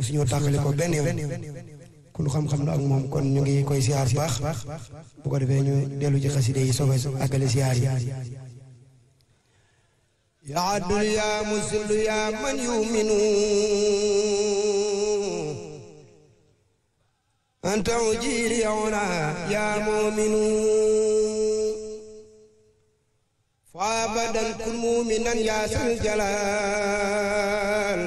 mosu ñoo tàqale ko benn yoon ku nu xam-xam la ak moom kon ñu ngi koy siyaar baax bu ko defee ñu dellu ci xaside yi soog a àggale siyaar yi ya adul ya musillu ya man yuminu anta ujiri ona ya muminu fa abadan kun muminan ya sal jalal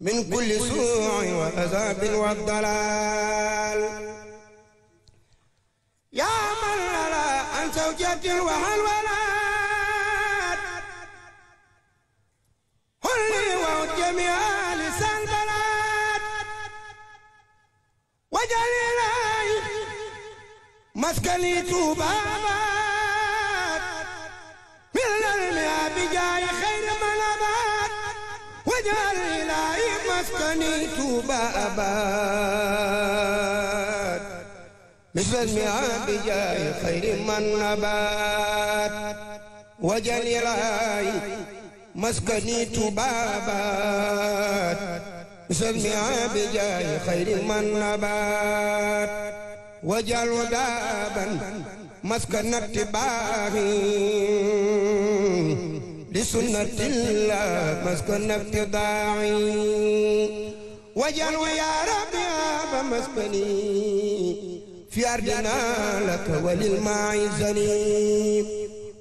من كل سوء وأذاب والضلال يا من لنا عن وجدت وهل سمع بجاه خير من نبات وجل راي مسكني تبابات سمع بجاه خير من نبات وجل دابا مسكن اتباعي لسنة الله مسكن اقتداعي وجل يا رب يا مسكني في أرضنا لك وللمعزن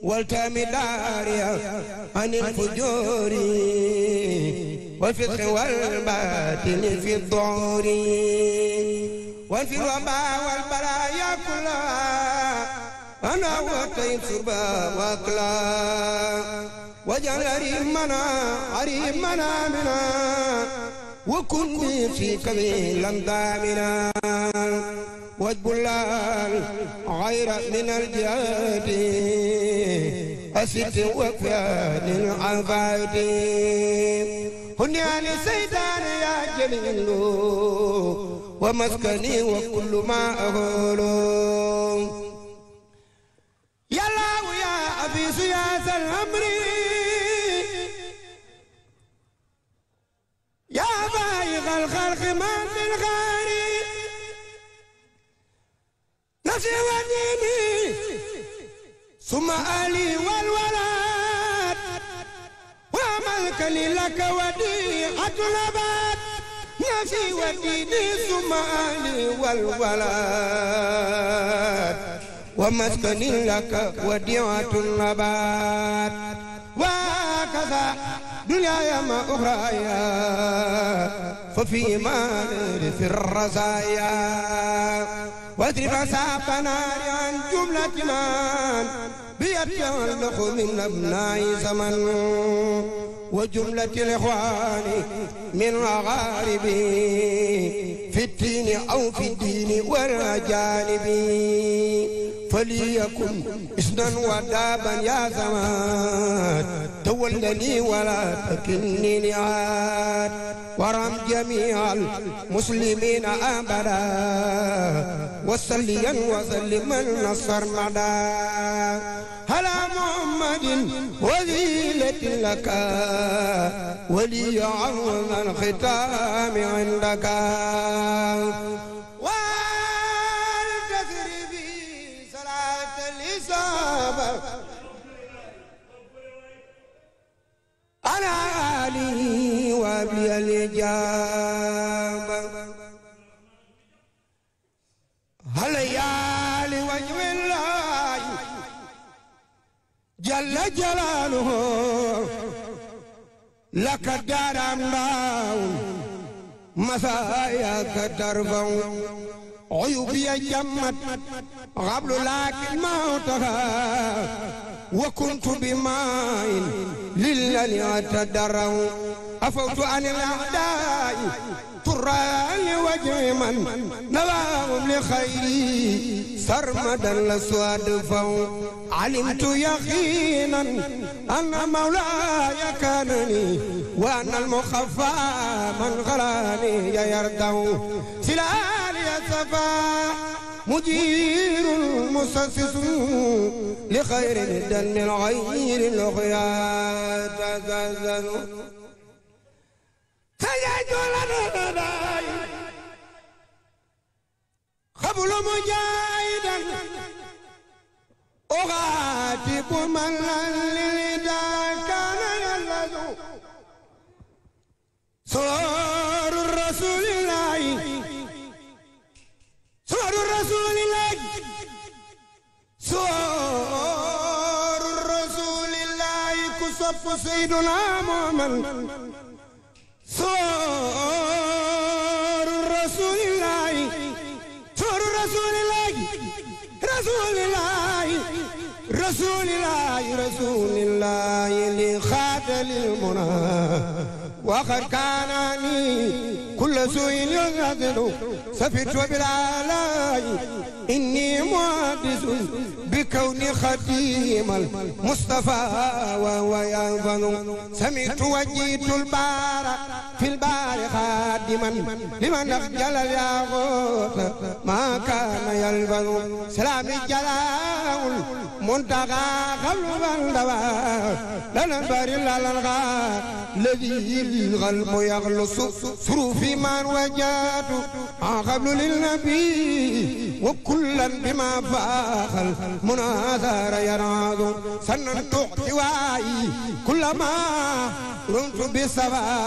والتامي داريا عن الفجور والفسق والباطل في الضعور وفي الوباء والبرايا كلها أنا وطين سربا وأقلا وجعل ريمنا ريمنا منا وكن في كبيلا دامنا واجب غير من الجهاد أسد وكان العباد هني على سيدان يا جميل ومسكني وكل ما أقول يا الله يا أبي يا ذا الخلق ما في الغاري نفسي وديني ثم آلي والولد وملكا لك وديعة الأبد نفسي وديني ثم آلي والولد ومسكني لك وديعة الأبد وهكذا يا ما أخرايا ففي مال في الرزايا واضرب ساقنا عن جملة من بيتعلق من أبناء زمن وجملة الإخوان من مغارب في الدين أو في الدين والأجانب فليكن إسنا ودابا يا زمان تولني ولا تكني نعاد ورم جميع المسلمين أبدا وسليا وسلم النصر مدى هلا محمد وذيلة لك ولي عظم الختام عندك على آله وأبي الإجابة هل يا لوجه الله جل جلاله لك دار مساياك ترفع عيوبي جمت غبل لكن الموت وكنت بماء للذي أتدره أفوت عن الأعداء ترى لوجه من نواهم لخيري سرمدا لسواد فو علمت يقينا أن مولاي كانني وأن المخفى من غراني يرده سلالي سفاح مدير المسسس لخير الدم العير الخيار خبل مجاهدا أغاتب من للدا كان يلد سيدنا محمد صار رسول الله صار رسول الله رسول الله رسول الله رسول الله لخاد المنى وقد كان كل سوء يغزل سفيت وبلالاي إني محدث بكون خديم المصطفى وهو يظن سمعت وجيت البار في البار خادما لمن أخجل الياغوت ما كان يلبن سلام الجلال منتقى غلبا دواء لنا بر الألغاء الذي الغلب يغلص صروف ما وجاد عقبل للنبي وكلا بما فاخ هنا ثار يناض سننت احتوائي كلما رمت بسبا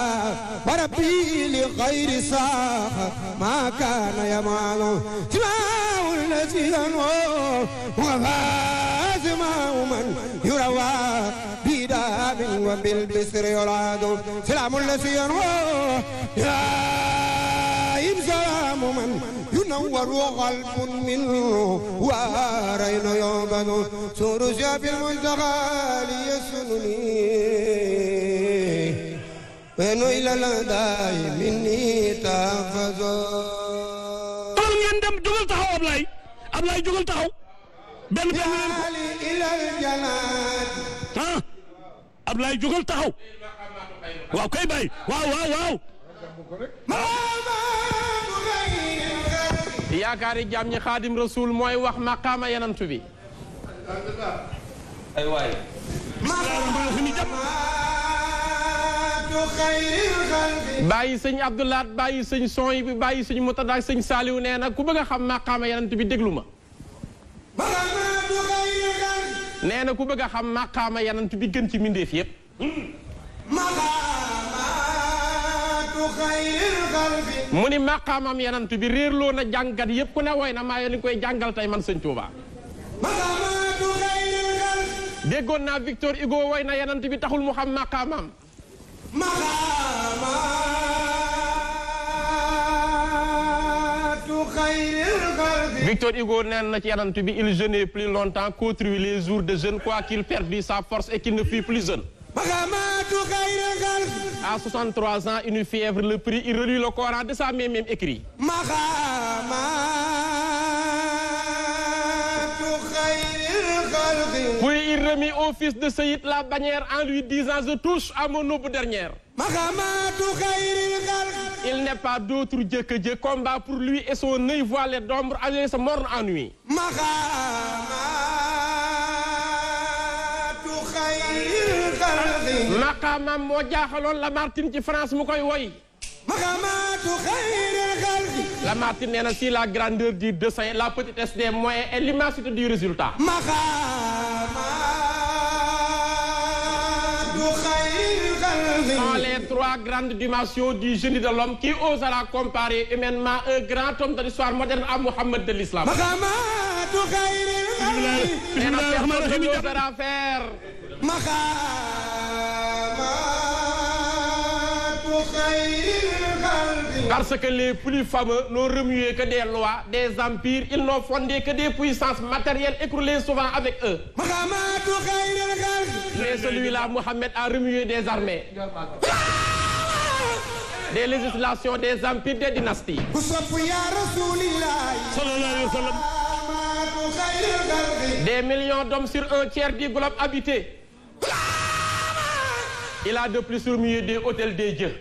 وربي لغير ساخ ما كان يمال سماع الذي ينور وفاز ما من يروى بدام وبالبسر يراد سلام الذي ينور ينور غلب منه وارين يوبد سور شاب المنتقى ليسلني وينو إلى لداي مني تحفظه تول ngeen dem jógal taxaw Ablaye Ablaye jógal taxaw benn benn ila aljannat ah Ablaye jógal taxaw waaw kay bay waaw waaw waaw yaakaari jaam ñi xaadim rasul mooy wax maqaama yanantu bi ay waay bàyyi sëñ abdoulaat bàyyi sëñ son yi bi bàyyi sëñ mutada ak sëñ saaliw nee na ku bëgg a xam maqaama yanant bi déglu ma nee na ku bëgg a xam maqaama yanant bi gën ci mbindeef yépp mu ni maqaamam yenant bi réerloo na jàngkat yépp ku ne woy na maa leen koy jàngal tey man sëñ Tuuba déggoon naa Victor Hugo woy na yenant bi taxul mu xam maqaamam Victor Hugo neen na ci yenant bi il jeûnait plus longtemps qu'autrui les jours de jeûne quoi qu'il sa force et qu'il plus jeune À 63 ans, une fièvre le prit. il relit le Coran de sa main même écrit. Puis il remit au fils de Saïd la bannière en lui disant Je touche à mon aube dernière. Il n'est pas d'autre Dieu que Dieu combat pour lui et son œil voit les d'ombre aller se morne en nuit. mo jaxalon la Martin ci France mu koy woy maqamatu xayril xalqi la Martin nena si la grandeur du dessin la petitesse des moyens et l'immensité du résultat maqamatu xayril xalqi dans les trois grandes dimensions du génie de l'homme qui osera comparer humainement un grand homme de l'histoire moderne à Mohammed de l'islam maqaamaatu xayril xalqi nee Parce que les plus fameux n'ont remué que des lois, des empires, ils n'ont fondé que des puissances matérielles écroulées souvent avec eux. Mais celui-là, Mohamed, a remué des armées, des législations, des empires, des dynasties. Des millions d'hommes sur un tiers du globe habité. Il a de plus sur milieu des hôtels des dieux.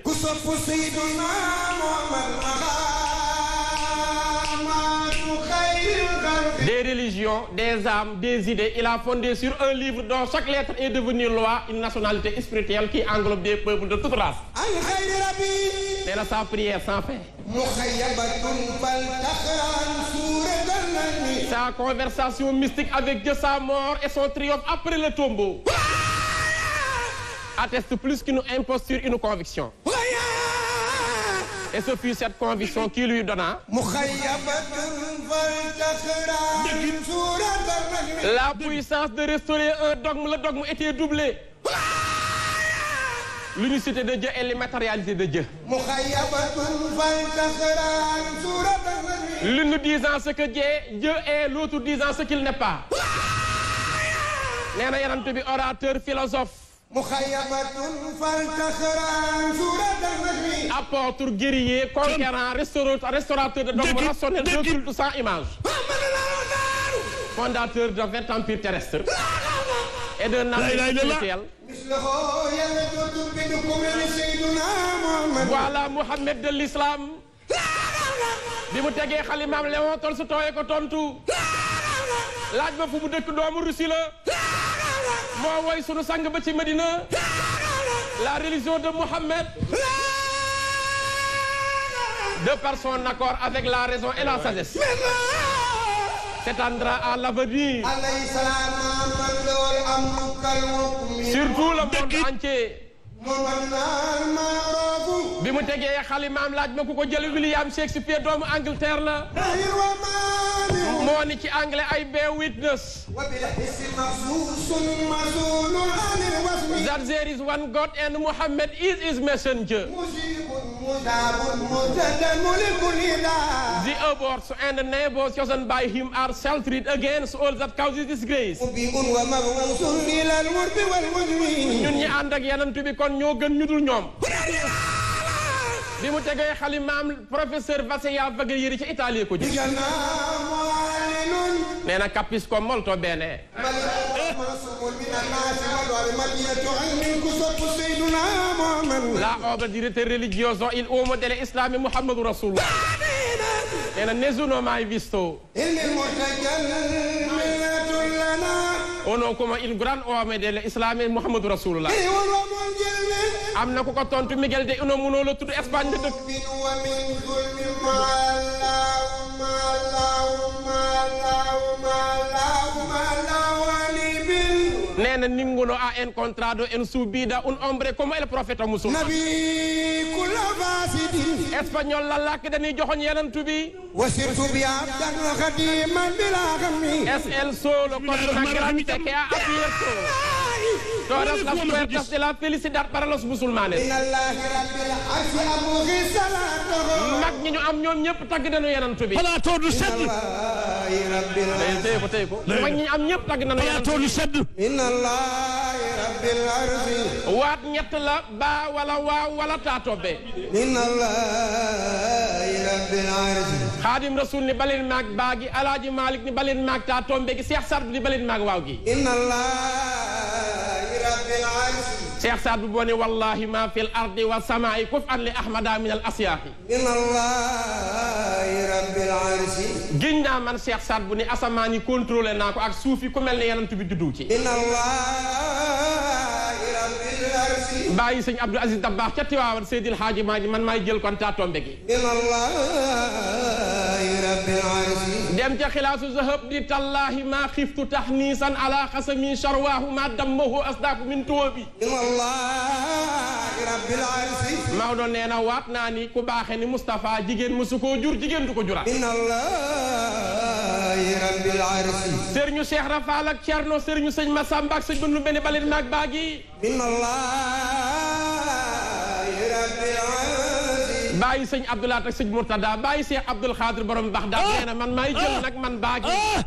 Des religions, des âmes, des idées, il a fondé sur un livre dont chaque lettre est devenue loi, une nationalité spirituelle qui englobe des peuples de toute race. C'est la sa prière sans fin. Sa conversation mystique avec Dieu, sa mort et son triomphe après le tombeau atteste plus qu'une imposture, une conviction. Et ce fut cette conviction qui lui donna la puissance de restaurer un dogme. Le dogme était doublé. L'unicité de Dieu et l'immatérialité de Dieu. L'une disant ce que Dieu est, Dieu est, l'autre disant ce qu'il n'est pas. orateur, philosophe. muxayabatun fartaxran suratal mahri apôtre guerrier conquérant restaurateur de dogme rationnel culte sans image ah, fondateur de vingt empires terrestres et d'un empire spirituel voilà Mohammed de l'islam bi mu tegee xalimaam Léon Tolstoy ko tontu laaj ma fu mu dëkk doomu Russie la moo woy sunu sang ba ci Medina la religion de Mohammed de par son avec la raison et la sagesse s'étendra à l'avenir surtout le monde entier bi mu tegee xalimaam laaj ma ku ko jël William Shakespeare doomu Angleterre la moo ni ci anglais ay bear witness. that there is one God and Muhammad is his messenger. the aborts and the neighbors chosen by him are salted against all that causes disgrace. ñun ñi ànd ak yeneen bi kon ñoo gën ñu dul ñoom. bi mu tegee xalimaam professeur Vassaya Vagayiri ci Italie ko ji. nee na kappis ko molto bene la obra di rete religioso il uomo delle islami muhammadu rasulullah nee na nessuno mai visto ono come il gran uomo delle islami muhammadu rasulullah amna na ko tontu Miguel de uno munoo lo tudu Espagne de nena ningulo a en a en subida un hombre como el profeta nabi kula musulman espagnol la làkk dañuy joxon yenen tubi wasirtu bi abdan wa khadiman bila ghammi es el solo con una que ha abierto todas las puertas de la para los musulmanes. ñi ñu ñëpp tagg nañu Yonent bi. plateau ñëpp tagg nañu Yonent bi. waat ñett la baa wala waaw wala taatobe. xaadim rasul ni balin alaaji malik ni balin maag taatombe gi seex sarb ni balin maag waaw gi. Cheikh Saad bu boo ne wallahi ma fi l ardi wa samaai kuf an min al asiyaahi naa man Cheikh Saad bu ne asamaan yi contrôlé naa ko ak suuf yi ku mel bi juddu min allahi rabbil arsi bàyyi sëñ Abdou Aziz Dabakh ca Tiwaawan Seydil Haaji maa man maay jël kon رب العرش دم جا خلاص دي تالله ما خفت تحنيسا على قسمي شرواه ما دمه اصداق من توبي والله رب العرش ما هو نينا وات ناني كو مصطفى جيجن مسوكو جور جيجن دوكو جورا ان الله رب العرش سيرنيو شيخ رفالك تشيرنو سيرنيو سيغ مسامباك سيغ بنو بني بالي ناك باغي ان الله رب العرش bàyyi sëñ Abdoulaat ak sëñ Mourtada bàyyi Cheikh Abdoul Xaadir borom bax daal ah! nee na man maay jël ah! nag man baagi ah!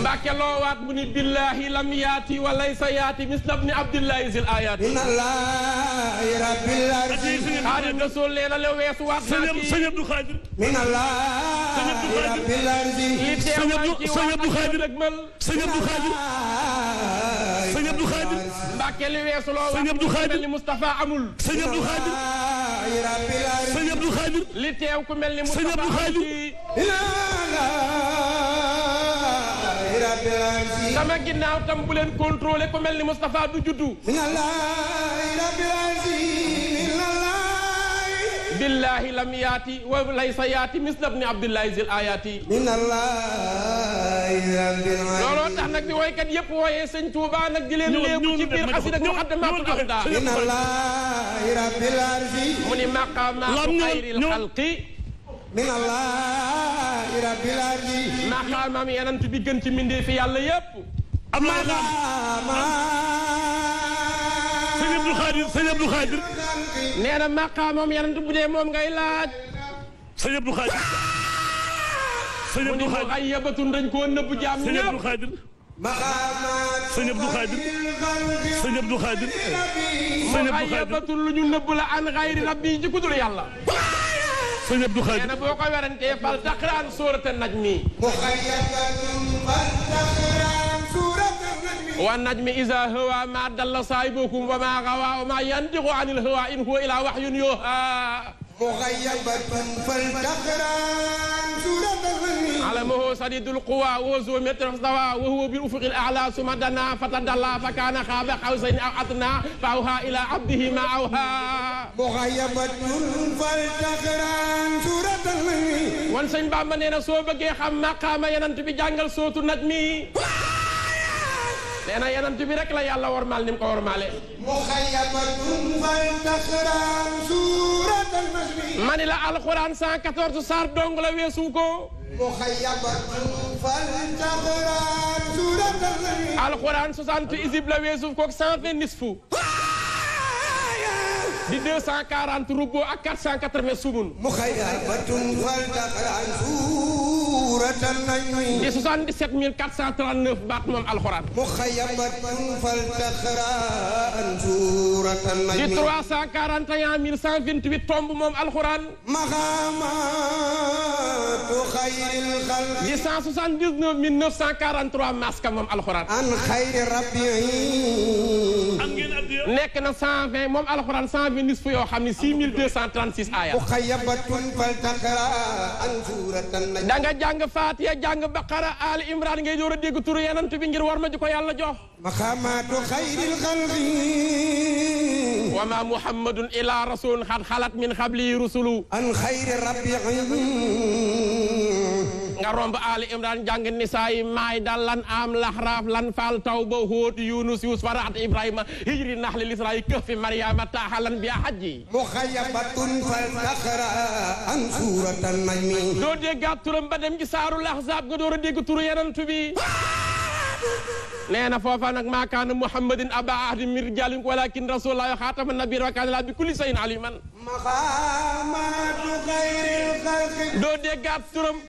Mbàkke loo waat mu ni billahi lam yaati wa laysa yaati misla bni Abdillahi zil ayaati xaadir rasul leena la weesu waat sëñ Abdou Xaadir min Allah li teewaay ci waat ak sëñ Abdou Xaadir Mbàkke li weesu loo sëñ Abdou Khadir li Moustapha amul sëñ Abdou Khadir sëñ Abdou Khadir li teew ku mel ni Moustapha sëñ Abdou Khadir sama ginnaaw tam bu leen contrôlé ku mel ni Moustapha du juddu billahi lam yaati wa laysa yaati misla bni Abdillahi zil looloo tax nag bi woykat yëpp wooyee sëñ Touba nag di leen léegu ci biir xasida ak muqaddamatul afda inna laahi rabbil bi gën ci mbindee fi yàlla yëpp am na sëñ Abdou Khadir sëñ Abdou Khadir nee na maqaamam yenant bu dee ونجمي إذا هو ما دل صايبكم وما غوى وما ينطق عن الهوى إن هو إلى وحي يوحى مغيبة فالدخران علمه سديد القوى وذو متر استوى وهو بالأفق الأعلى ثم دنا فتدلى فكان خاب قوسين أو أدنى فأوحى إلى عبده ما أوحى مغيبة فلتقران سورة wan sëñ Bamba nee na soo bëggee xam maqaama yenant bi jàngal sootu naj mi nee na yenant bi rek la yàlla wormaal ni mu ko wormaale ma ni la alxuraan 114 saar la weesu ko alxuraan 60 isib la weesu ko 120 nisfu di 240 rubu ak suuratan najmi di 77 439 baat moom alxuraan mu xayamatun fal taxraan suuratan najmi a 341 128 tomb moom alxuraan maxaamaatu xayril xalq di 179 943 maska moom alxuraan nekk na cent vingt moom alxuraan cent vingt nisfu yoo xam ne six mille du cent trente six aaya da nga jàng faatiya jàng baqara al imran ngay door a dégg turu yenant bi ngir war ma ji ko yàlla jox maqaamaatu xayril xalqi wa ma muhammadun ila rasul xad xalat min xablihi rusulu an xayri rabbi nga romb ali imran jàng nisaay may dal lan am lahraaf lan fal tawbo hot yunus yus farat ibrahim hijri nahli lisraay maryam ta halan bi hajji mukhayyabatun fal taqra an suratan najmi do de gaturum ba dem ci saru lahzab go do a turu yenantu bi neena fofa nak maa muhammadin aba ahdi mirjal walakin rasulullah xaatama nabi wa kaana bi kulli sayin aliman maqaamaatu xayril xalqi